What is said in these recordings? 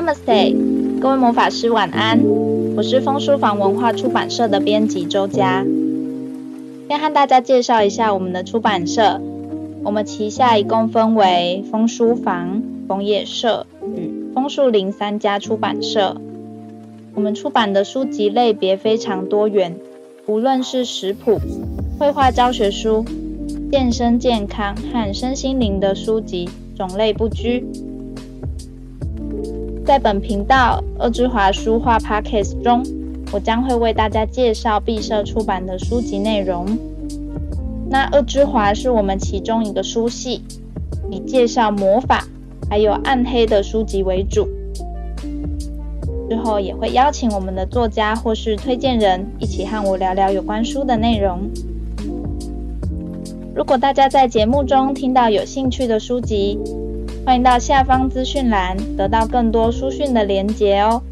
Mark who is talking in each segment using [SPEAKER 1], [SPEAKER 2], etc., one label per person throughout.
[SPEAKER 1] Namaste，各位魔法師晚安。我是楓書坊文化出版社的編輯周佳。先和大家介紹一下我們的出版社。我們旗下一共分為楓書坊、楓葉社與楓樹林三家出版社。我們出版的書籍類別非常多元，無論是食譜、繪畫教學書、健身健康和身心靈的書籍，種類不拘。在本頻道“惡之華書話 Podcast 中，我將會為大家介紹敝社出版的書籍內容。那惡之華是我們其中一個書系，以介紹魔法還有暗黑的書籍為主。之後也會邀請我們的作家或是推薦人一起和我聊聊有關書的內容。如果大家在節目中聽到有興趣的書籍，歡迎到下方資訊欄得到更多書訊的連結哦。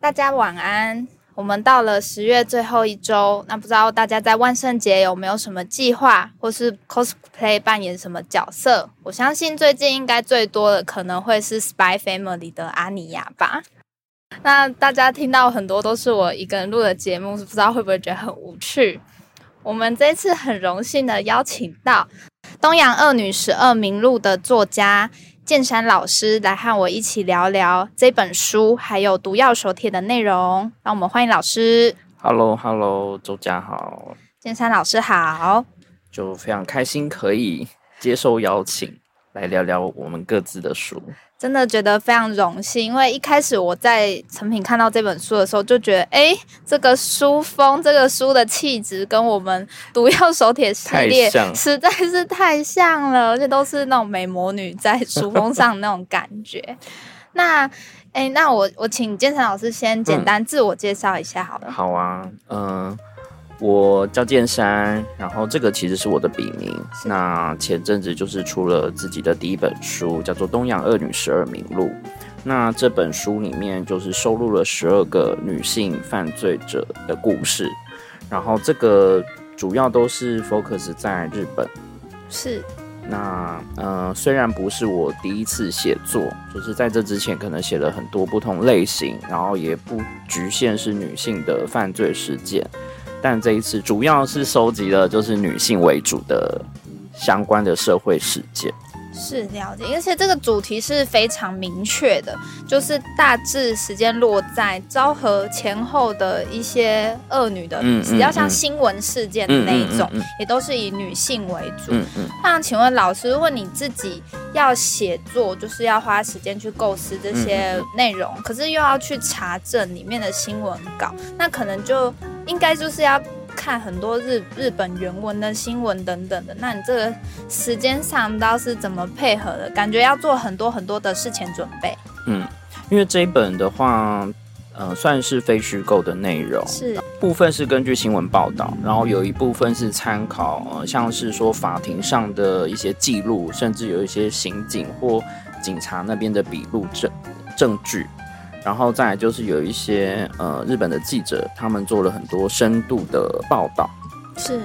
[SPEAKER 1] 大家晚安，我們到了十月最後一周，那不知道大家在萬聖節有沒有什麼計劃，或是 cosplay 扮演什麼角色？我相信最近應該最多的可能會是 Spy Family 的阿尼亞吧。那大家聽到很多都是我一個人錄的節目，不知道會不會覺得很無趣？我們這次很榮幸的邀請到。《東洋惡女十二名錄》的作家劍山老師來和我一起聊聊這本書，還有《毒藥手帖》的內容。讓我們歡迎老師。
[SPEAKER 2] Hello，Hello，hello, 周佳好，
[SPEAKER 1] 劍山老師好，
[SPEAKER 2] 就非常開心可以接受邀請來聊聊我們各自的書。
[SPEAKER 1] 真的覺得非常榮幸，因為一開始我在成品看到這本書的時候，就覺得，哎，這個書封，這個書的氣質跟我們《毒藥手帖》系列實在是太像了太像，而且都是那種美魔女在書封上那種感覺。 那，哎，那我我請劍山老師先簡單自我介紹一下，好了，
[SPEAKER 2] 嗯。好啊，嗯、呃。我叫劍山，然後這個其實是我的筆名。那前陣子就是出了自己的第一本書，叫做《東洋惡女十二名錄》。那這本書裡面就是收錄了十二個女性犯罪者的故事。然後這個主要都是 focus 在日本，是。那呃，雖然不是我第一次寫作，就是在這之前可能寫了很多不同類型，然後也不局限是女性的犯罪事件。但這一次主要是收集的就是女性為主的相關的社會事件，
[SPEAKER 1] 是了解，而且這個主題是非常明確的，就是大致時間落在昭和前後的一些惡女的，只比較像新聞事件的那一種，也都是以女性為主。嗯嗯，那請問老師，如果你自己要寫作，就是要花時間去構思這些內容，可是又要去查證裡面的新聞稿，那可能就。應該就是要看很多日日本原文的新聞等等的，那你這個時間上倒是怎麼配合的？感覺要做很多很多的事前準備。
[SPEAKER 2] 嗯，因為這一本的話，嗯、呃，算是非虛構的內容，是部分是根據新聞報道，然後有一部分是參考、呃，像是說法庭上的一些記錄，甚至有一些刑警或警察那邊的筆錄證證據。然後再來就是有一些呃日本的記者，他們做了很多深度的報道
[SPEAKER 1] 是。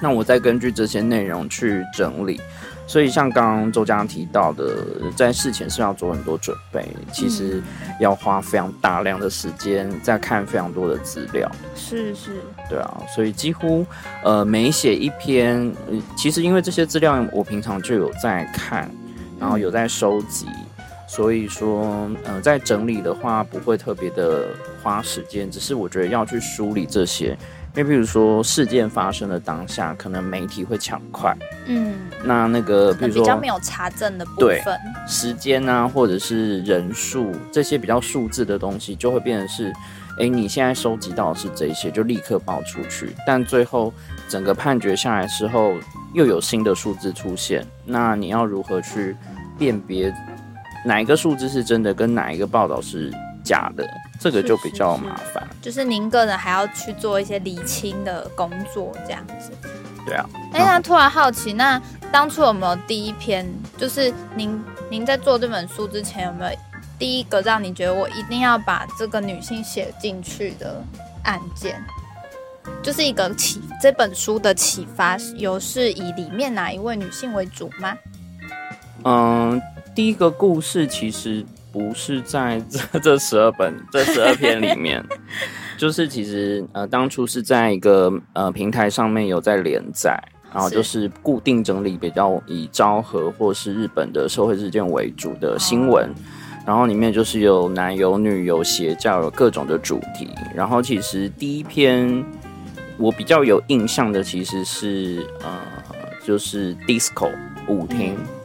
[SPEAKER 2] 那我再根據這些內容去整理。所以像剛剛周佳提到的，在事前是要做很多準備，其實要花非常大量的時間在看非常多的資料。是是。對啊，所以幾乎呃每寫一篇，呃，其實因為這些資料我平常就有在看，然後有在收集。嗯所以說，呃，在整理的話不會特別的花時間，只是我覺得要去梳理這些。因為比如說事件發生的當下，可能媒體會搶快，嗯，那那個比如說比較沒
[SPEAKER 1] 有查證的部分，
[SPEAKER 2] 時間啊，或者是人數這些比較數字的東西，就會變成是，哎、欸，你現在收集到的是這些，就立刻爆出去。但最後整個判決下來之後，又有新的數字出現，那你要如何去辨別？哪一個數字是真的，跟哪一個報道是假的，這個就比較麻煩。
[SPEAKER 1] 就是您個人還要去做一些理清的工作，這樣子。對啊。哎，那突然好奇，那當初有沒有第一篇，就是您您在做這本書之前，有沒有第一個讓你覺得我一定要把這個女性寫進去的案件？就是一個啟這本書的啟發，有是以裡面哪一位女性為主嗎？
[SPEAKER 2] 嗯。第一個故事其實不是在這這十二本這十二篇裡面， 就是其實呃當初是在一個呃平台上面有在連載，然後就是固定整理比較以昭和或是日本的社會事件為主的新聞，然後裡面就是有男有女、有邪教、有各種的主題，然後其實第一篇我比較有印象的其實是呃就是 disco 舞廳。嗯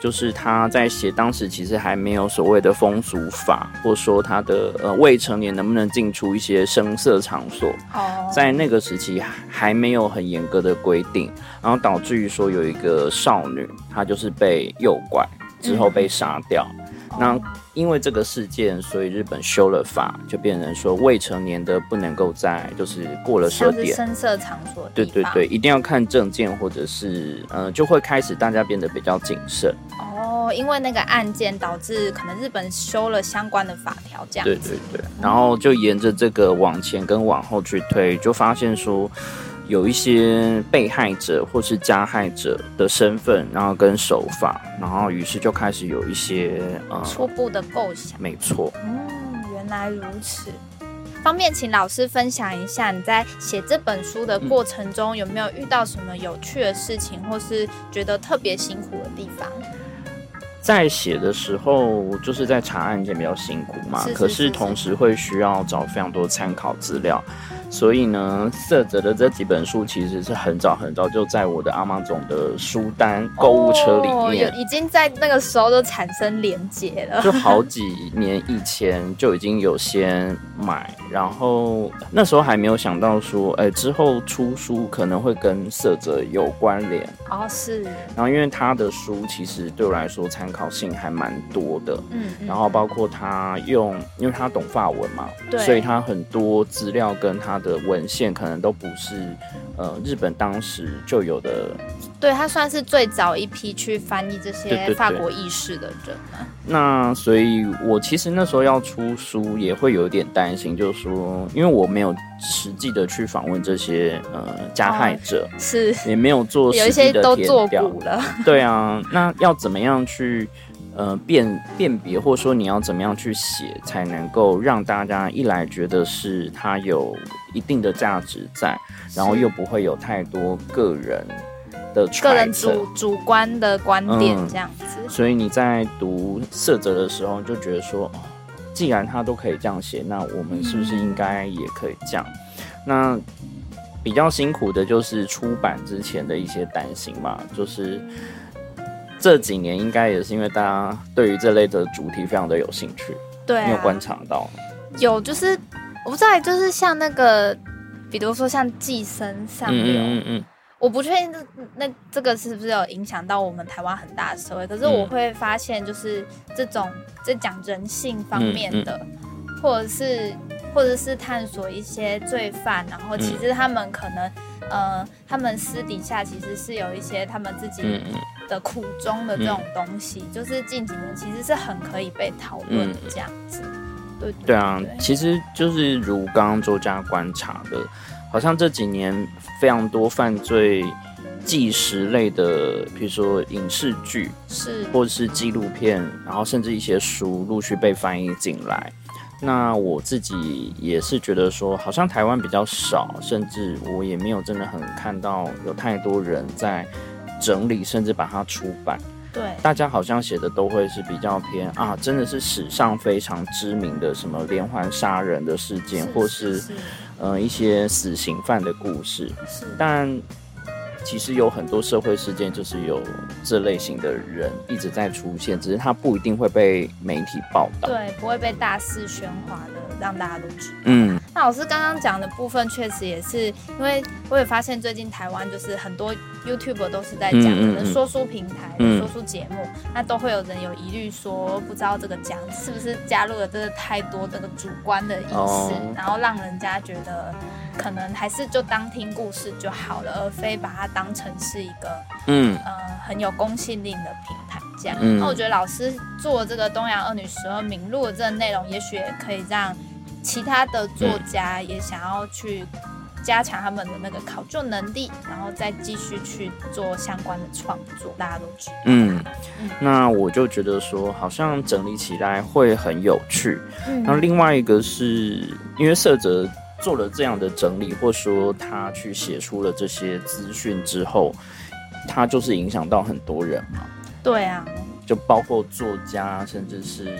[SPEAKER 2] 就是他在寫，當時其實還沒有所謂的風俗法，或者說他的呃未成年能不能進出一些聲色場所，oh. 在那個時期還沒有很嚴格的規定，然後導致於說有一個少女，她就是被誘拐之後被殺掉，嗯，那。Oh. 因為這個事件，所以日本修了法，就變成說未成年的不能夠在，就是過了設點，
[SPEAKER 1] 聲色場所，對
[SPEAKER 2] 對對，一定要看證件或者是，嗯、呃，就會開始大家變得比較謹慎。哦，
[SPEAKER 1] 因為那個案件導致可能日本修了相關的法條，這樣。對對
[SPEAKER 2] 對，然後就沿着這個往前跟往後去推，就發現說。有一些被害者或是加害者的身份，然後跟手法，然後於是就開始有一些呃、嗯、初
[SPEAKER 1] 步的構想。沒錯。嗯，原來如此。方便請老師分享一下，你在寫這本書的過程中、嗯、有沒有遇到什麼有趣的事情，或是覺得特別辛苦的地方？
[SPEAKER 2] 在寫的時候，就是在查案件比較辛苦嘛，是是是是是。可是同時會需要找非常多參考資料。所以呢，澀澤的這幾本書其實是很早很早就在我的 Amazon 的書單購物車裡面，哦有，已
[SPEAKER 1] 經在那個時候都產生連接了，就好
[SPEAKER 2] 幾年以前就已經有先買。然後那時候還沒有想到說，哎，之後出書可能會跟澀澤有關聯
[SPEAKER 1] 哦，是。
[SPEAKER 2] 然後因為他的書其實對我來說參考性還蠻多的嗯，嗯。然後包括他用，因為他懂法文嘛，對，所以他很多資料跟他的文獻可能都不是，呃，日本當時就有的。
[SPEAKER 1] 對他算是最早一批去翻譯這些法國軼事的人了。對對
[SPEAKER 2] 對那所以，我其實那時候要出書也會有點擔心，就是說，因為我沒有實際的去訪問這些呃加害者，嗯、是也沒有做實際的填表有一些都做過了。對啊，那要怎麼樣去呃辨辨別，或者說你要怎麼樣去寫，才能夠讓大家一來覺得是它有一定的價值在，然後又不會有太多個人。個人主
[SPEAKER 1] 主觀的觀點這樣子，嗯、
[SPEAKER 2] 所以你在讀澀澤的時候就覺得說，既然他都可以這樣寫，那我們是不是應該也可以這樣？嗯嗯那比較辛苦的就是出版之前的一些擔心嘛，就是、嗯、這幾年應該也是因為大家對於這類的主題非常的有興趣，
[SPEAKER 1] 對、啊，沒有觀察到，有就是我不知道，就是像那個，比如說像寄生上流，嗯嗯,嗯,嗯。我不確定這那這個是不是有影響到我們台灣很大的社會，可是我會發現就是這種在、嗯、講人性方面的，嗯嗯、或者是或者是探索一些罪犯，然後其實他們可能、嗯、呃他們私底下其實是有一些他們自己的苦衷的這種東西，嗯嗯、就是近幾年其實是很可以被討論的這樣子。嗯、對對，
[SPEAKER 2] 對啊對，其實就是如剛剛周佳觀察的。好像這幾年非常多犯罪紀實類的，譬如說影視劇，是或者是紀錄片，然後甚至一些書陸續被翻譯進來。那我自己也是覺得說，好像台灣比較少，甚至我也沒有真的很看到有太多人在整理，甚至把它出版。
[SPEAKER 1] 對，大
[SPEAKER 2] 家好像寫的都會是比較偏啊，真的是史上非常知名的什麼連環殺人的事件，是或是。是嗯，一些死刑犯的故事，但。其實有很多社會事件，就是有這類型的人一直在出現，只是他不一定會被媒體報道，對，
[SPEAKER 1] 不會被大肆喧譁的讓大家都知道。嗯，那老師剛剛講的部分，確實也是，因為我有發現最近台灣就是很多 YouTube 都是在講的、嗯嗯嗯、可能說書平台、說書節目、嗯，那都會有人有疑慮說，不知道這個講是不是加入了真的太多這個主觀的意思，哦、然後讓人家覺得。可能還是就當聽故事就好了，而非把它當成是一個嗯呃很有公信力的平台這樣。那、嗯、我覺得老師做這個《東洋惡女十二名錄》的這個內容，也許也可以讓其他的作家也想要去加強他們的那個考究能力，嗯、然後再繼續去做相關的創作。大家都知道嗯，嗯，那
[SPEAKER 2] 我就覺得說，好像整理起來會很有趣。那、嗯、另外一個是因為澀澤。做了這樣的整理，或者說他去寫出了這些資訊之後，他就是影響到很多人嘛？對啊，就包括作家，甚至是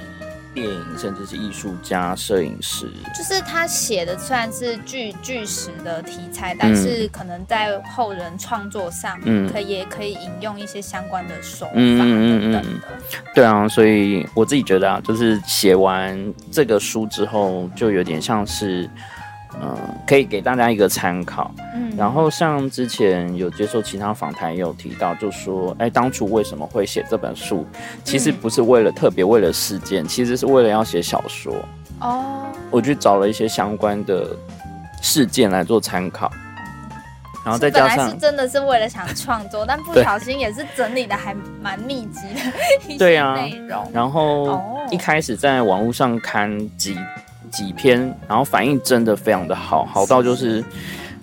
[SPEAKER 2] 電影，嗯、甚至是藝術家、攝影師。
[SPEAKER 1] 就是他寫的雖然是紀、紀實的題材，但是可能在後人創作上，嗯，可以也可以引用一些相關的手法等等的。
[SPEAKER 2] 嗯嗯嗯嗯嗯對啊，所以我自己覺得啊，就是寫完這個書之後，就有點像是。嗯，可以給大家一個參考。嗯，然後像之前有接受其他訪談，也有提到，就說，哎，當初為什麼會寫這本書？其實不是為了、嗯、特別為了事件，其實是為了要寫小說。哦，我就找了一些相關的事件來做參考，然後再加上是，本來是真
[SPEAKER 1] 的是為了想創作， 但不小心也是整理的還蠻密集的。對， 內容對
[SPEAKER 2] 啊，然後、哦、一開始在網絡上看幾幾篇，然後反應真的非常的好，好到就是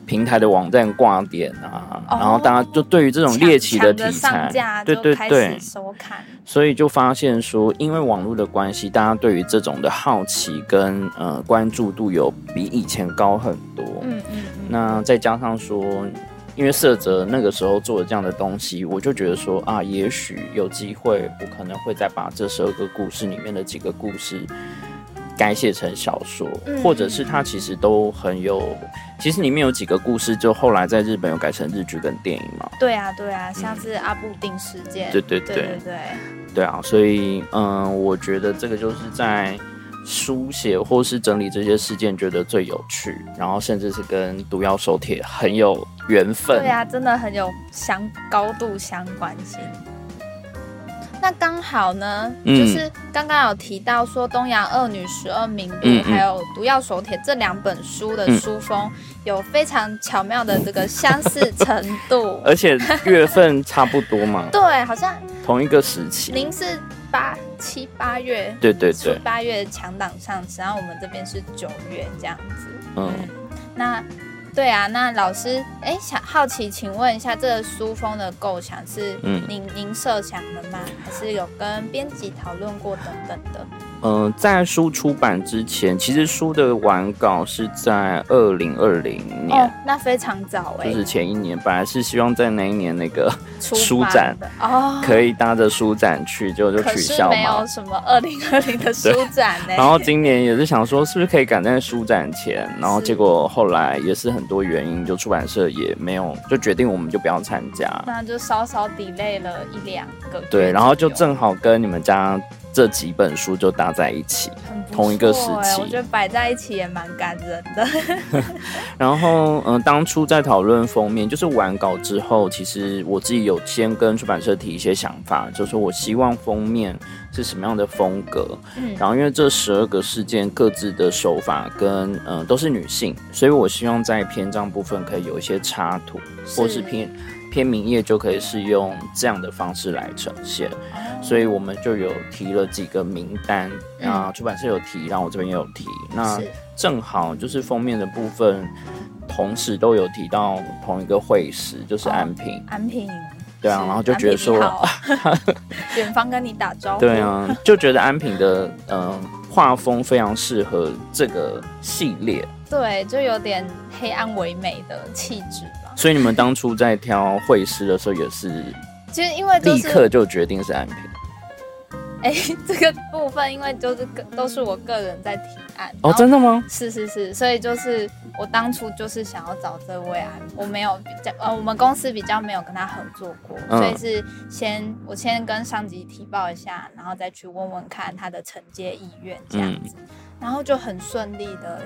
[SPEAKER 2] 平台的網站掛點啊，然後大家就對於這種獵奇的題材，對對對，收看，所以就發現說，因為網絡的關係，大家對於這種的好奇跟呃關注度有比以前高很多，嗯嗯，那再加上說，因為澀澤那個時候做的這樣的東西，我就覺得說啊，也許有機會，我可能會再把這十二個故事裡面的幾個故事，改寫成小說，嗯、或者是他其實都很有，其實裡面有幾個故事，就後來在日本有改成日劇跟電影嘛。
[SPEAKER 1] 對啊，對啊，像是阿部定事件。嗯、對對對對，對對對。
[SPEAKER 2] 對啊，所以嗯，我覺得這個就是在書寫或是整理這些事件，覺得最有趣，然後甚至是跟《毒藥手帖》很有緣分。對啊，
[SPEAKER 1] 真的很有相高度相關性。那剛好呢，嗯、就是剛剛有提到說《東洋惡女十二名錄》還有《毒藥手帖》這兩本書的書封有非常巧妙的這個相似程度，而且月
[SPEAKER 2] 份差不多嘛。
[SPEAKER 1] 對，好像
[SPEAKER 2] 同一個時期，
[SPEAKER 1] 您是八七八月，
[SPEAKER 2] 對對對，七八
[SPEAKER 1] 月強檔上市，然後我們這邊是九月這樣子。嗯，那。對啊，那老師，哎，想好奇，請問一下，這個書封的構想是您、嗯、您設想的嗎？還是有跟編輯討論過等等的？
[SPEAKER 2] 嗯、呃，在書出版之前，其實書的完稿是在二零二零年、哦，
[SPEAKER 1] 那非常早哎、欸，就是
[SPEAKER 2] 前一年。本來是希望在那一年那個書展
[SPEAKER 1] 哦，可以
[SPEAKER 2] 搭着書展去，就就取消了。可是沒有
[SPEAKER 1] 什麼二零二零的書展、欸、然後
[SPEAKER 2] 今年也是想說，是不是可以趕在書展前？然後結果後來也是很多原因，就出版社也沒有就決定，我們就不要參加。那就
[SPEAKER 1] 稍稍 delay 了一兩個、QQ、對，
[SPEAKER 2] 然後就正好跟你們家。這幾本書就搭在一起，同一個時期，我覺得
[SPEAKER 1] 擺在一起也蠻感人的。
[SPEAKER 2] 然後，嗯，當初在討論封面，就是完稿之後，其實我自己有先跟出版社提一些想法，就是我希望封面是什麼樣的風格。嗯，然後，因為這十二個事件各自的手法跟嗯都是女性，所以我希望在篇章部分可以有一些插圖或是片。是片名頁就可以是用這樣的方式來呈現，嗯、所以我們就有提了幾個名單啊，嗯、出版社有提，然後我這邊也有提，那正好就是封面的部分，同時都有提到同一個繪師，就是安品。哦、安品，對啊，然後就覺得說，
[SPEAKER 1] 遠、啊、 方跟你打招呼，對啊，
[SPEAKER 2] 就覺得安品的嗯畫、嗯、風非常適合這個系列，
[SPEAKER 1] 對，就有點黑暗唯美的氣質。
[SPEAKER 2] 所以你們當初在挑繪師的時候也是，其
[SPEAKER 1] 實因為立刻
[SPEAKER 2] 就決定是安品，就
[SPEAKER 1] 是欸。這個部分因為就是個都是我個人在提案。哦，真的嗎？是是是，所以就是我當初就是想要找這位啊，我沒有比較，呃，我們公司比較沒有跟他合作過，嗯、所以是先我先跟上級提報一下，然後再去問問看他的承接意願
[SPEAKER 2] 這樣
[SPEAKER 1] 子，嗯，然後就很順利的。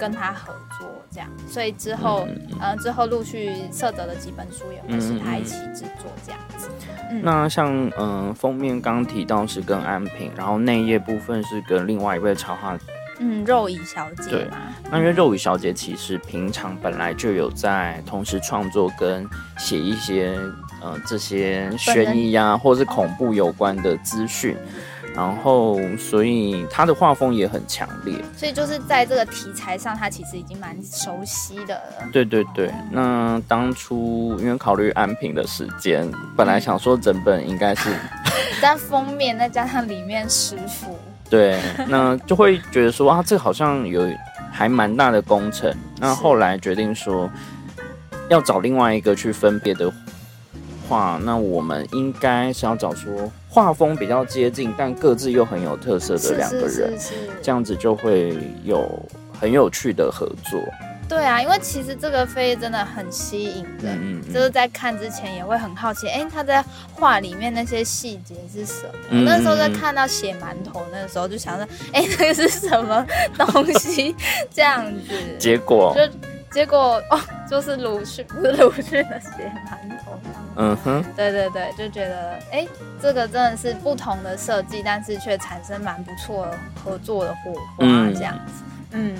[SPEAKER 1] 跟他合作這樣，所以之後，嗯，呃、之後陸續負責的幾本書也會是他一起制作這樣子。嗯嗯、那
[SPEAKER 2] 像，嗯、呃，封面剛提到是跟安品，然後內頁部分是跟另外一位插畫，嗯，
[SPEAKER 1] 肉語小姐
[SPEAKER 2] 嘛。那、嗯、因為肉語小姐其實平常本來就有在同時創作跟寫一些，呃，這些懸疑啊或是恐怖有關的資訊。哦然後，所以他的畫風也很強烈，
[SPEAKER 1] 所以就是在這個題材上，他其實已經蠻熟悉的了。
[SPEAKER 2] 對對對，那當初因為考慮安品的時間，本來想說整本應該是，嗯、
[SPEAKER 1] 但封面再加上裡面十幅，
[SPEAKER 2] 對，那就會覺得說啊，這好像有還蠻大的工程。那後來決定說，要找另外一個去分別的。話，那我們應該是要找出畫風比較接近，但各自又很有特色的兩個人，是是是是，這樣子就會有很有趣的合作。
[SPEAKER 1] 對啊，因為其實這個飛真的很吸引人，嗯嗯，就是在看之前也會很好奇，哎，他在畫裡面那些細節是什麼？嗯嗯，我那時候在看到血饅頭那時候就想着，哎，那個是什麼東西？ 這樣子，結果結果哦，就是魯迅不是魯迅的血饅頭，嗯哼，對對對，就覺得哎，這個真的是不同的設計，但是卻產生蠻不錯的合作的火花，火這樣
[SPEAKER 2] 子嗯，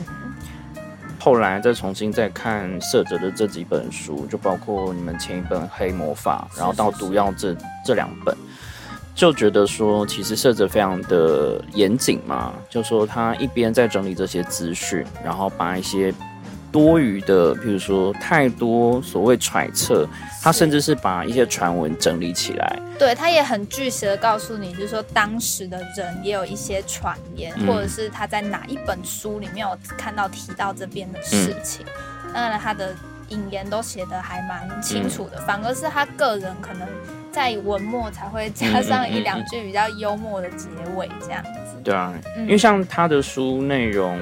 [SPEAKER 2] 嗯。後來再重新再看澀澤的這幾本書，就包括你們前一本《黑魔法》，然後到《毒藥》這是是是這兩本，就覺得說其實澀澤非常的嚴謹嘛，就說他一邊在整理這些資訊，然後把一些。多餘的，譬如說太多所謂揣測，他甚至是把一些傳聞整理起來，
[SPEAKER 1] 對他也很具體的告訴你，就是說當時的人也有一些傳言、嗯，或者是他在哪一本書裡面有看到提到這邊的事情、嗯，當然他的引言都寫得還蠻清楚的、嗯，反而是他個人可能在文末才會加上一兩句比較幽默的結尾這樣子。
[SPEAKER 2] 對啊，嗯、因為像他的書內容。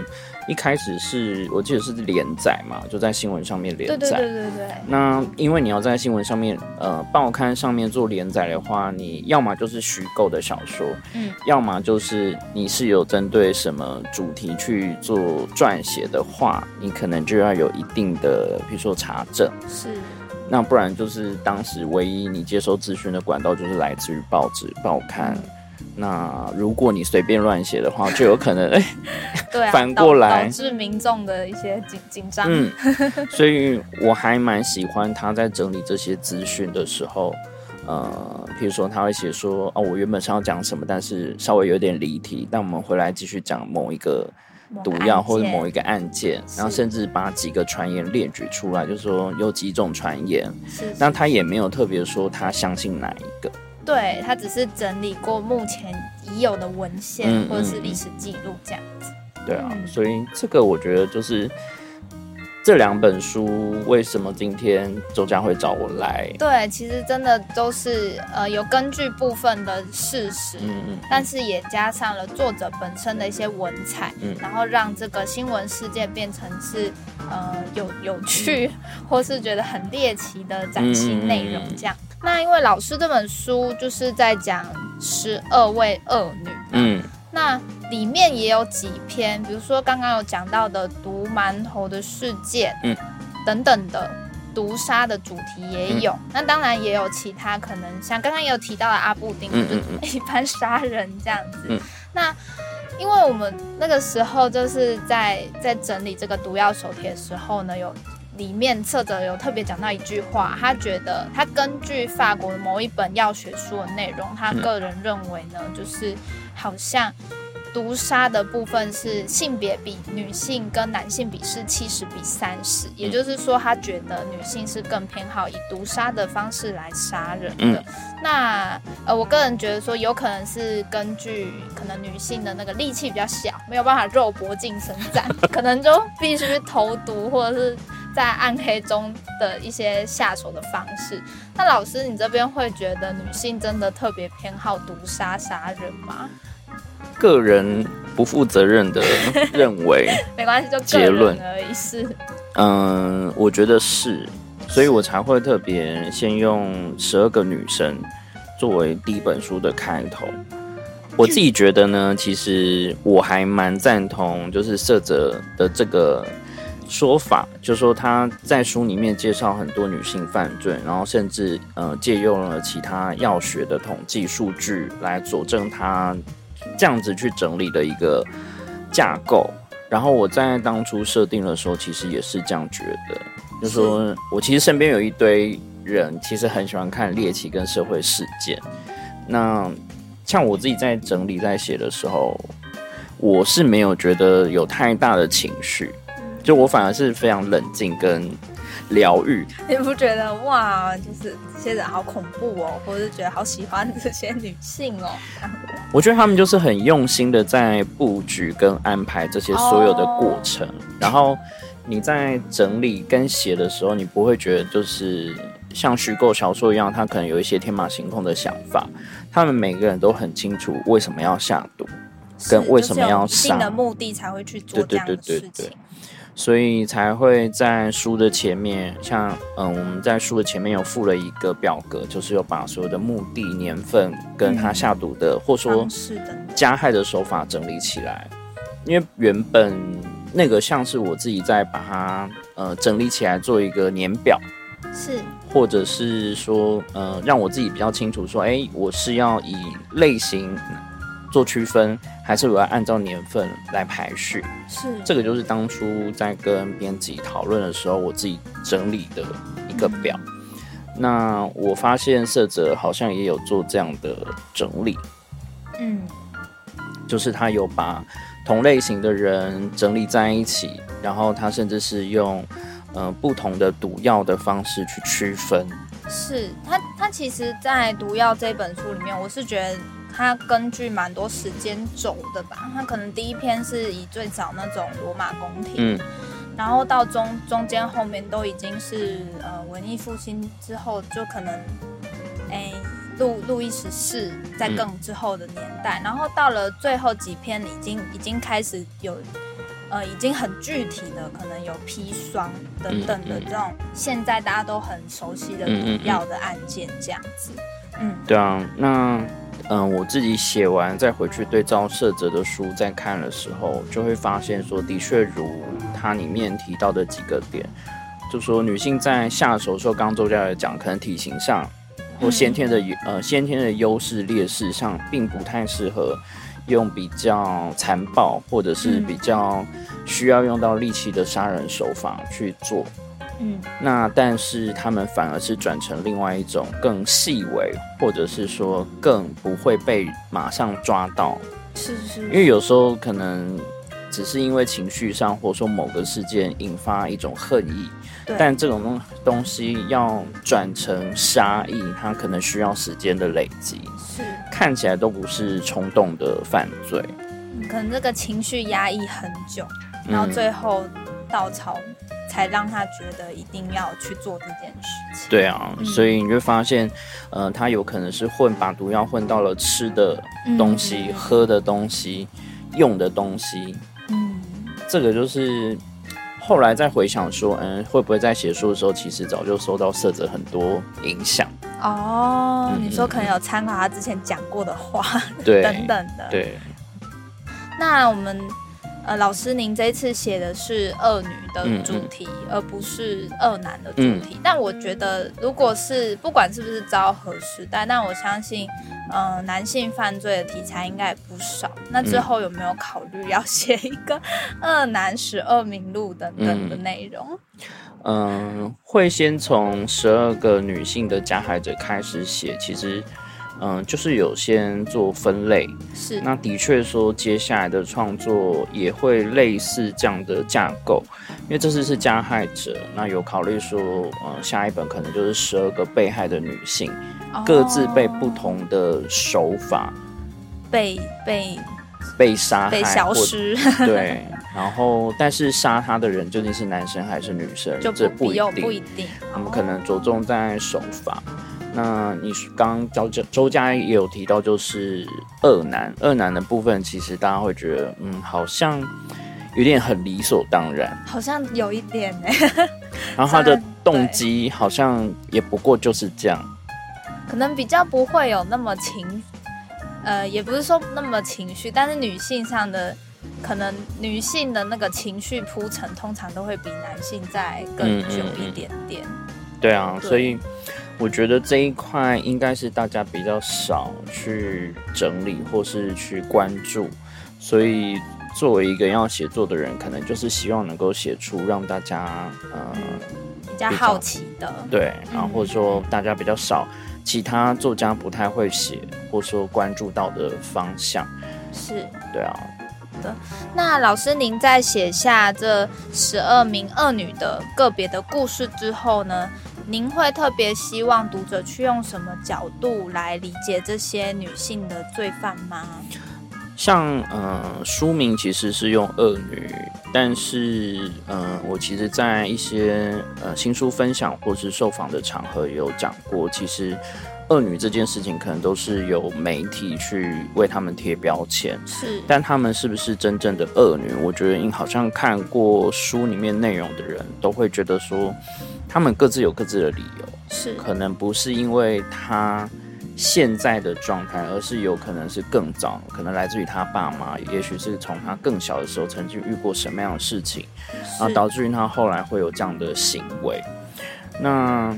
[SPEAKER 2] 一開始是我記得是連載嘛，就在新聞上面連載。對
[SPEAKER 1] 對對,對。那
[SPEAKER 2] 因為你要在新聞上面、呃，報刊上面做連載的話，你要麼就是虛構的小說，嗯，要麼就是你是有針對什麼主題去做撰寫的話，你可能就要有一定的，比如說查證。是。那不然就是當時唯一你接收資訊的管道就是來自於報紙、報刊。那如果你隨便亂寫的話，就有可能哎、欸，對、啊，
[SPEAKER 1] 反過來導，導致民眾的一些緊緊張。嗯，所
[SPEAKER 2] 以我還蠻喜歡他在整理這些資訊的時候，呃，譬如說他會寫說，哦，我原本是要講什麼，但是稍微有點離題，但我們回來繼續講某一個
[SPEAKER 1] 毒藥或者某一
[SPEAKER 2] 個案件，然後甚至把幾個傳言列舉出來，就是、說有幾種傳言是是，但他也沒有特別說他相信哪一個。
[SPEAKER 1] 對，他只是整理過目前已有的文獻、嗯嗯、或者是歷史記錄這樣子。
[SPEAKER 2] 對啊，所以這個我覺得就是這兩本書為什麼今天周佳會找我來？
[SPEAKER 1] 對，其實真的都是呃有根據部分的事實、嗯，但是也加上了作者本身的一些文采，嗯、然後讓這個新聞事件變成是呃有有趣或是覺得很獵奇的嶄新內容、嗯、這樣。那因為老師這本書就是在講十二位惡女，嗯，那裡面也有幾篇，比如說剛剛有講到的毒饅頭的事件，嗯，等等的毒殺的主題也有，嗯。那當然也有其他可能，像剛剛也有提到的阿布丁，嗯嗯嗯，就一般殺人這樣子，嗯嗯。那因為我們那個時候就是在在整理這個毒藥手帖的時候呢，有。裡面側着有特別講到一句話，他覺得他根據法國的某一本藥學書的內容，他個人認為呢，就是好像毒殺的部分是性別比，女性跟男性比是七十比三十，也就是說他覺得女性是更偏好以毒殺的方式來殺人的。嗯、那呃，我個人覺得說有可能是根據可能女性的那個力氣比較小，沒有辦法肉搏近身戰， 可能就必須去投毒或者是。在暗黑中的一些下手的方式。那老師，你這邊會覺得女性真的特別偏好毒殺殺人嗎？
[SPEAKER 2] 個人不負責任的認為， 沒關係，就結論而已是。嗯，我覺得是，所以我才會特別先用十二個女生作為第一本書的開頭。我自己覺得呢，其實我還蠻贊同，就是作者的這個。說法就是說他在書裡面介紹很多女性犯罪，然後甚至呃借用了其他藥學的統計數據來佐證他這樣子去整理的一個架構。然後我在當初設定的時候，其實也是這樣覺得，就是說我其實身邊有一堆人，其實很喜歡看獵奇跟社會事件。那像我自己在整理在寫的時候，我是沒有覺得有太大的情緒。就我反而是非常冷靜跟療癒，
[SPEAKER 1] 你不覺得哇？就是這些人好恐怖哦，或者是覺得好喜歡這些女性哦？
[SPEAKER 2] 我覺得他們就是很用心的在布局跟安排這些所有的過程，oh. 然後你在整理跟寫的時候，你不會覺得就是像虛構小說一樣，他可能有一些天馬行空的想法。他們每個人都很清楚為什麼要下毒，跟為什麼要殺、就是、的
[SPEAKER 1] 目的才會去做這樣的事情。對對對
[SPEAKER 2] 對。所以才會在書的前面，像嗯，我們在書的前面有附了一個表格，就是有把所有的目的、年份跟他下毒的，嗯、或是說加害的手法整理起來。因為原本那個像是我自己在把它呃整理起來做一個年表，
[SPEAKER 1] 是，
[SPEAKER 2] 或者是說呃讓我自己比較清楚說，哎，我是要以類型。做區分，還是我要按照年份來排序？是，這個就是當初在跟編輯討論的時候，我自己整理的一個表。嗯、那我發現澀澤好像也有做這樣的整理，嗯，就是他有把同類型的人整理在一起，然後他甚至是用、呃、不同的毒藥的方式去區分。
[SPEAKER 1] 是他，他其實，在《毒藥》這本書裡面，我是覺得。它根據蠻多時間走的吧，它可能第一篇是以最早那種羅馬宮廷，然後到中中間後面都已經是呃文藝復興之後，就可能，欸，路路易十四在更之後的年代，然後到了最後幾篇已經已經開始有，呃已經很具體的可能有砒霜等等的這種現在大家都很熟悉的毒藥的案件這樣子，
[SPEAKER 2] 嗯，對啊，那。嗯，我自己寫完再回去對照作者的書再看的時候，就會發現說，的確如他裡面提到的幾個點，就說女性在下手的時候，剛周佳來講，可能體型上或先天的、嗯、呃先天的優勢劣勢上，並不太適合用比較殘暴或者是比較需要用到力氣的殺人手法去做。嗯，那但是他們反而是轉成另外一種更細微，或者是說更不會被馬上抓到，是是。因為有時候可能只是因為情緒上，或者說某個事件引發一種恨意，但這種東東西要轉成殺意，它可能需要時間的累積，
[SPEAKER 1] 是
[SPEAKER 2] 看起來都不是衝動的犯罪。
[SPEAKER 1] 嗯，可能這個情緒壓抑很久，然後最後稻草。嗯才讓他覺得一定要去做這件
[SPEAKER 2] 事情。對啊，嗯、所以你就發現，呃、他有可能是混把毒藥混到了吃的東西、嗯、喝的東西、用的東西。嗯，這個就是後來再回想說，嗯，會不會在寫書的時候，其實早就受到澀澤很多影響？
[SPEAKER 1] 哦、嗯，你說可能有參考他之前講過的話，對，等等的，對。那我們。呃，老師，您這次寫的是惡女的主題，嗯嗯、而不是惡男的主題。嗯、但我覺得，如果是不管是不是昭和時代，那、嗯、我相信，嗯、呃，男性犯罪的題材應該也不少。那之後有沒有考慮要寫一個惡男十二名錄等等的內容嗯？嗯，
[SPEAKER 2] 會先從十二個女性的加害者開始寫，其實。嗯，就是有先做分類，是那的確說接下來的創作也會類似這樣的架構，因為這次是加害者，那有考慮說，嗯，下一本可能就是十二個被害的女性，哦、各自被不同的手法
[SPEAKER 1] 被被
[SPEAKER 2] 被殺害被消失，對，然後但是殺他的人究竟是男生還是女生，就不一定，不一定，
[SPEAKER 1] 我
[SPEAKER 2] 們可能着重在手法。那你剛剛周周佳也有提到，就是惡男，惡男的部分，其實大家會覺得，嗯，好像有點很理所當然，
[SPEAKER 1] 好像有一點耶，
[SPEAKER 2] 然後他的動機好像也不過就是
[SPEAKER 1] 這樣，可能比較不會有那麼情，呃，也不是說那麼情緒，但是女性上的，可能女性的那個情緒鋪陳，通常都會比男性再更久一點點。嗯嗯
[SPEAKER 2] 嗯對啊對，所以。我覺得這一塊應該是大家比較少去整理，或是去關注，所以作為一個要寫作的人，可能就是希望能夠寫出讓大家呃
[SPEAKER 1] 比較好奇的，對，然後或者
[SPEAKER 2] 說大家比較少，其他作家不太會寫，或者說關注到的方向，是，對啊，好
[SPEAKER 1] 的。那老師您在寫下這十二名惡女的個別的故事之後呢？您會特別希望讀者去用什麼角度來理解這些女性的罪犯嗎？
[SPEAKER 2] 像呃，書名其實是用“惡女”，但是嗯、呃，我其實，在一些呃新書分享或是受訪的場合也有講過，其實“惡女”這件事情可能都是由媒體去為她們貼標籤，是，但她們是不是真正的惡女？我覺得，應好像看過書裡面內容的人都會覺得說。他們各自有各自的理由，是可能不是因為他現在的狀態，而是有可能是更早，可能來自於他爸媽，也許是從他更小的時候曾經遇過什麼樣的事情，啊，然後導致於他後來會有這樣的行為。那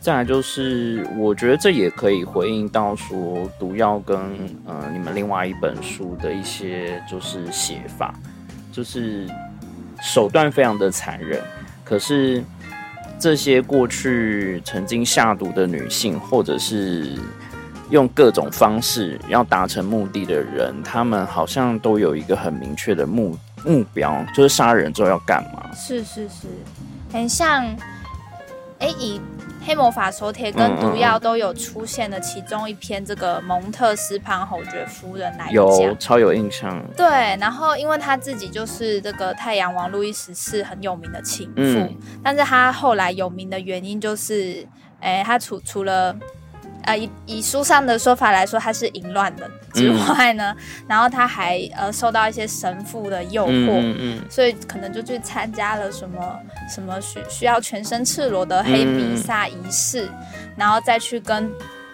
[SPEAKER 2] 再來就是，我覺得這也可以回應到說，《毒藥》跟呃你們另外一本書的一些就是寫法，就是手段非常的殘忍，可是。這些過去曾經下毒的女性，或者是用各種方式要達成目的的人，他們好像都有一個很明確的目目標，就是殺人之後要幹
[SPEAKER 1] 嘛？是是是，很像，哎以。黑魔法手帖跟毒藥都有出現的其中一篇，這個蒙特斯潘侯爵夫人來講，有
[SPEAKER 2] 超有印象。
[SPEAKER 1] 對，然後因為他自己就是這個太陽王路易十四很有名的情婦，嗯，但是他後來有名的原因就是，哎，欸，他除除了。呃，以以書上的說法來說，他是淫亂的之外呢，嗯、然後他還呃受到一些神父的誘惑，嗯，嗯，嗯所以可能就去參加了什麼什麼需需要全身赤裸的黑彌撒儀式，嗯，然後再去跟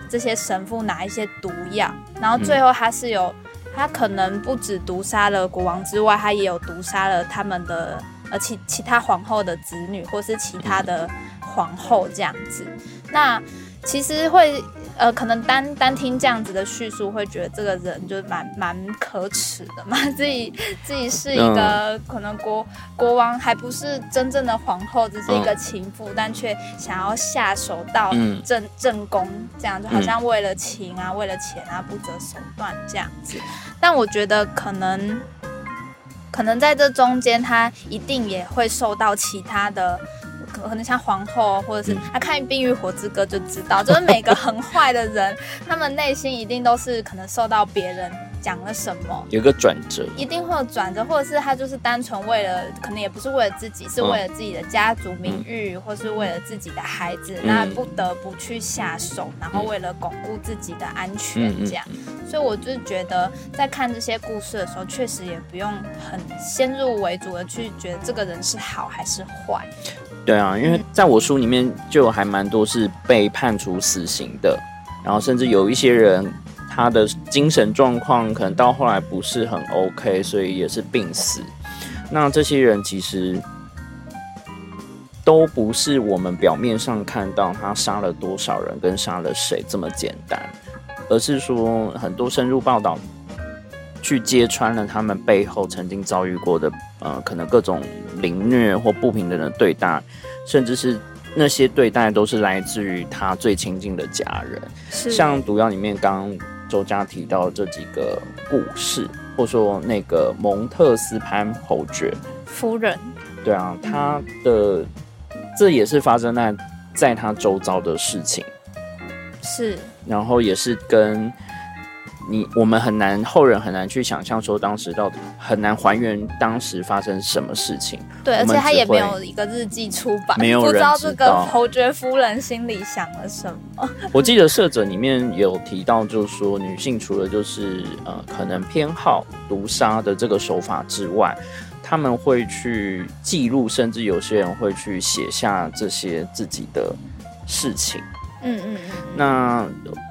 [SPEAKER 1] 這些神父拿一些毒藥，然後最後他是有他、嗯、可能不止毒殺了國王之外，他也有毒殺了他們的呃其其他皇後的子女或是其他的皇後這樣子，嗯、那其實會。呃，可能單單聽這樣子的敘述，會覺得這個人就是蠻蠻可恥的嘛。自己自己是一個、嗯、可能國國王，還不是真正的皇後，只是一個情婦，嗯、但卻想要下手到正正宮，這樣就好像為了情啊、嗯，為了錢啊，不擇手段這樣子。但我覺得可能可能在這中間，他一定也會受到其他的。可能像皇後，或者是他看《冰與火之歌》就知道，就是每個很壞的人，他 們內心一定都是可能受到別人講了什麼，
[SPEAKER 2] 有個轉折，一
[SPEAKER 1] 定會有轉折，或者是他就是單純為了，可能也不是為了自己，是為了自己的家族名譽，哦、或是為了自己的孩子，那、嗯、不得不去下手，然後為了鞏固自己的安全這樣。嗯嗯嗯，所以我就覺得，在看這些故事的時候，確實也不用很先入為主的去覺得這個人是好還是壞。
[SPEAKER 2] 對啊，因為在我書裡面就還蠻多是被判處死刑的，然後甚至有一些人他的精神狀況可能到後來不是很 OK，所以也是病死。那這些人其實都不是我們表面上看到他殺了多少人跟殺了誰這麼簡單，而是說很多深入報道。去揭穿了他們背後曾經遭遇過的，呃，可能各種凌虐或不平等的對待，甚至是那些對待都是來自於他最親近的家人。是，像《毒藥》裡面，剛剛周佳提到這幾個故事，或說那個蒙特斯潘侯爵夫人，對啊，他的、嗯、這也是發生在在他周遭的事情，
[SPEAKER 1] 是，
[SPEAKER 2] 然後也是跟。你、我們很難，後人很難去想象說當時到底，很難還原當時發生什麼事情。對，而且他也沒有一
[SPEAKER 1] 個日記出版，沒有人知道這個侯爵夫人心裡想了什麼。
[SPEAKER 2] 我記得社者裡面有提到，就是說 女性除了就是呃可能偏好毒殺的這個手法之外，她們會去記錄，甚至有些人會去寫下這些自己的事情。嗯嗯嗯，那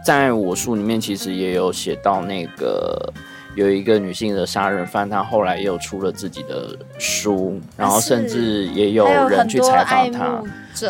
[SPEAKER 2] 在我書裡面其實也有寫到那個有一個女性的殺人犯，她後來又出了自己的書，然後甚至也有人去採訪她，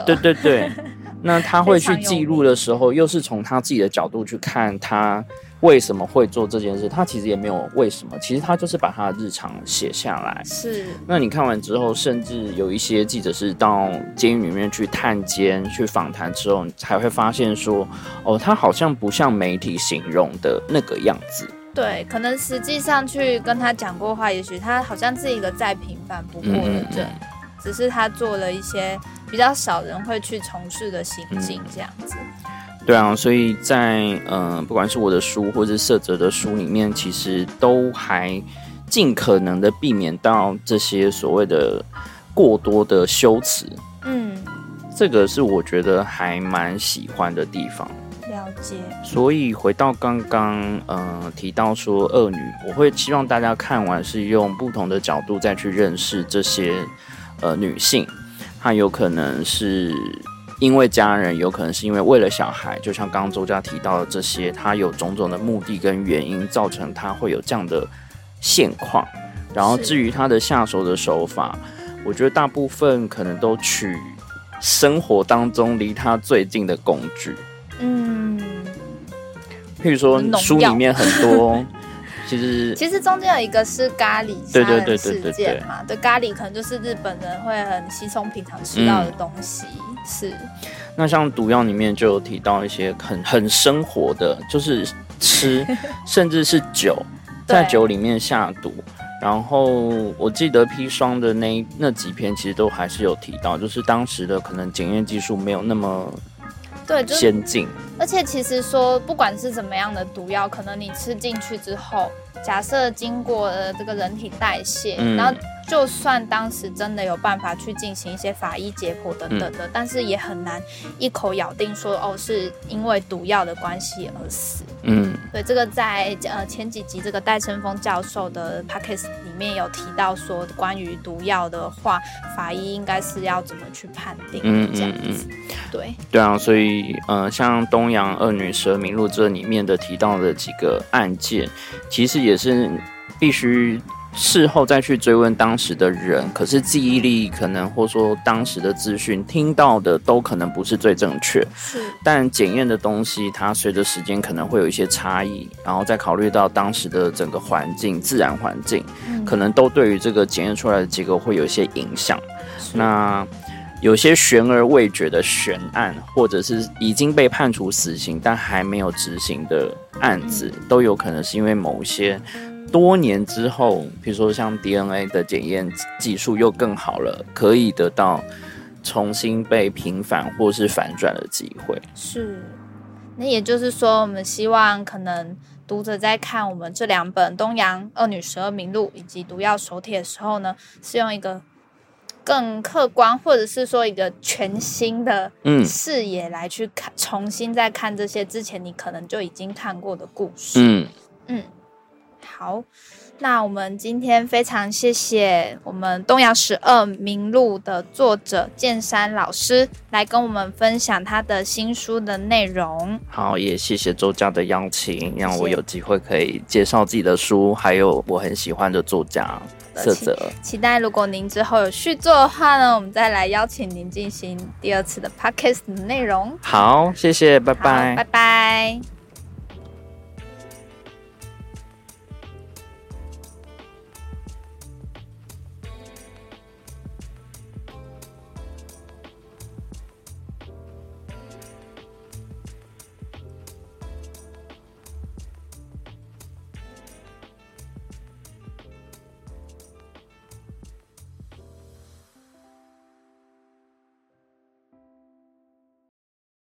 [SPEAKER 2] 對對對。 那他會去記錄的時候，又是從他自己的角度去看他為什麼會做這件事。他其實也沒有為什麼，其實他就是把他的日常寫下來。是。那你看完之後，甚至有一些記者是到監獄裡面去探監、去訪談之後，你才會發現說，哦，他好像不像媒體形容的那個樣子。
[SPEAKER 1] 對，可能實際上去跟他講過話，也許他好像是一個再平凡不過的人。嗯嗯嗯只是他做了一些比較少人會去從事的行
[SPEAKER 2] 徑，這樣子，嗯。對啊，所以在嗯、呃，不管是我的書或是澀澤的書裡面，其實都還盡可能的避免到這些所謂的過多的修辭。
[SPEAKER 1] 嗯，
[SPEAKER 2] 這個是我覺得還蠻喜歡的地方。了
[SPEAKER 1] 解。
[SPEAKER 2] 所以回到剛剛嗯提到說惡女，我會希望大家看完是用不同的角度再去認識這些。呃，女性，她有可能是因為家人，有可能是因為為了小孩，就像剛剛周佳提到的這些，她有種種的目的跟原因，造成她會有這樣的現況。然後，至於她的下手的手法，我覺得大部分可能都取生活當中離她最近的工具，
[SPEAKER 1] 嗯，
[SPEAKER 2] 譬如說書裡面很多。 其實其
[SPEAKER 1] 實中間有一個是咖喱，對對對對，對，對嘛，對，咖喱可能就是日本人會很稀鬆平常吃到的東西，嗯、是。
[SPEAKER 2] 那像毒藥裡面就有提到一些很很生活的，就是吃， 甚至是酒，在酒裡面下毒。然後我記得砒霜的那那幾篇其實都還是有提到，就是當時的可能檢驗技術沒有那麼對先進。
[SPEAKER 1] 而且其實說，不管是怎麼樣的毒藥，可能你吃進去之後，假設經過了這個人體代謝，嗯、然後就算當時真的有辦法去進行一些法醫解剖等等的，嗯、但是也很難一口咬定說哦，是因為毒藥的關係而死。嗯，對，這個在呃前幾集這個戴春鋒教授的 podcast 裡面有提到說，關於毒藥的話，法醫應該是要怎麼去判定？嗯，這樣子嗯，
[SPEAKER 2] 嗯，嗯，對對啊，所以呃像東。東洋惡女十二名錄這裡面的提到的幾個案件，其實也是必須事後再去追問當時的人。可是記憶力可能，或者說當時的資訊聽到的都可能不是最正確。是。但檢驗的東西，它隨着時間可能會有一些差異。然後再考慮到當時的整個環境、自然環境，嗯、可能都對於這個檢驗出來的結果會有一些影響。那。有些懸而未決的懸案，或者是已經被判處死刑但還沒有執行的案子，都有可能是因為某些多年之後，比如說像 DNA 的檢驗技術又更好了，可以得到重新被平反或是反轉的機會。
[SPEAKER 1] 是，那也就是說，我們希望可能讀者在看我們這兩本《東洋惡女十二名錄》以及《毒藥手帖》的時候呢，是用一個。更客觀，或者是說一個全新的視野來去看、嗯，重新再看這些之前你可能就已經看過的故事。嗯，嗯，好，那我們今天非常謝謝我們《東洋十二名錄》的作者劍山老師來跟我們分享他的新書的內容。
[SPEAKER 2] 好，也謝謝周佳的邀請，讓我有機會可以介紹自己的書，還有我很喜歡的作家。
[SPEAKER 1] 期待！如果您之後有續作的話呢，我們再來邀請您進行第二次的 Podcast 的內容。
[SPEAKER 2] 好，謝謝，拜
[SPEAKER 1] 拜，拜拜。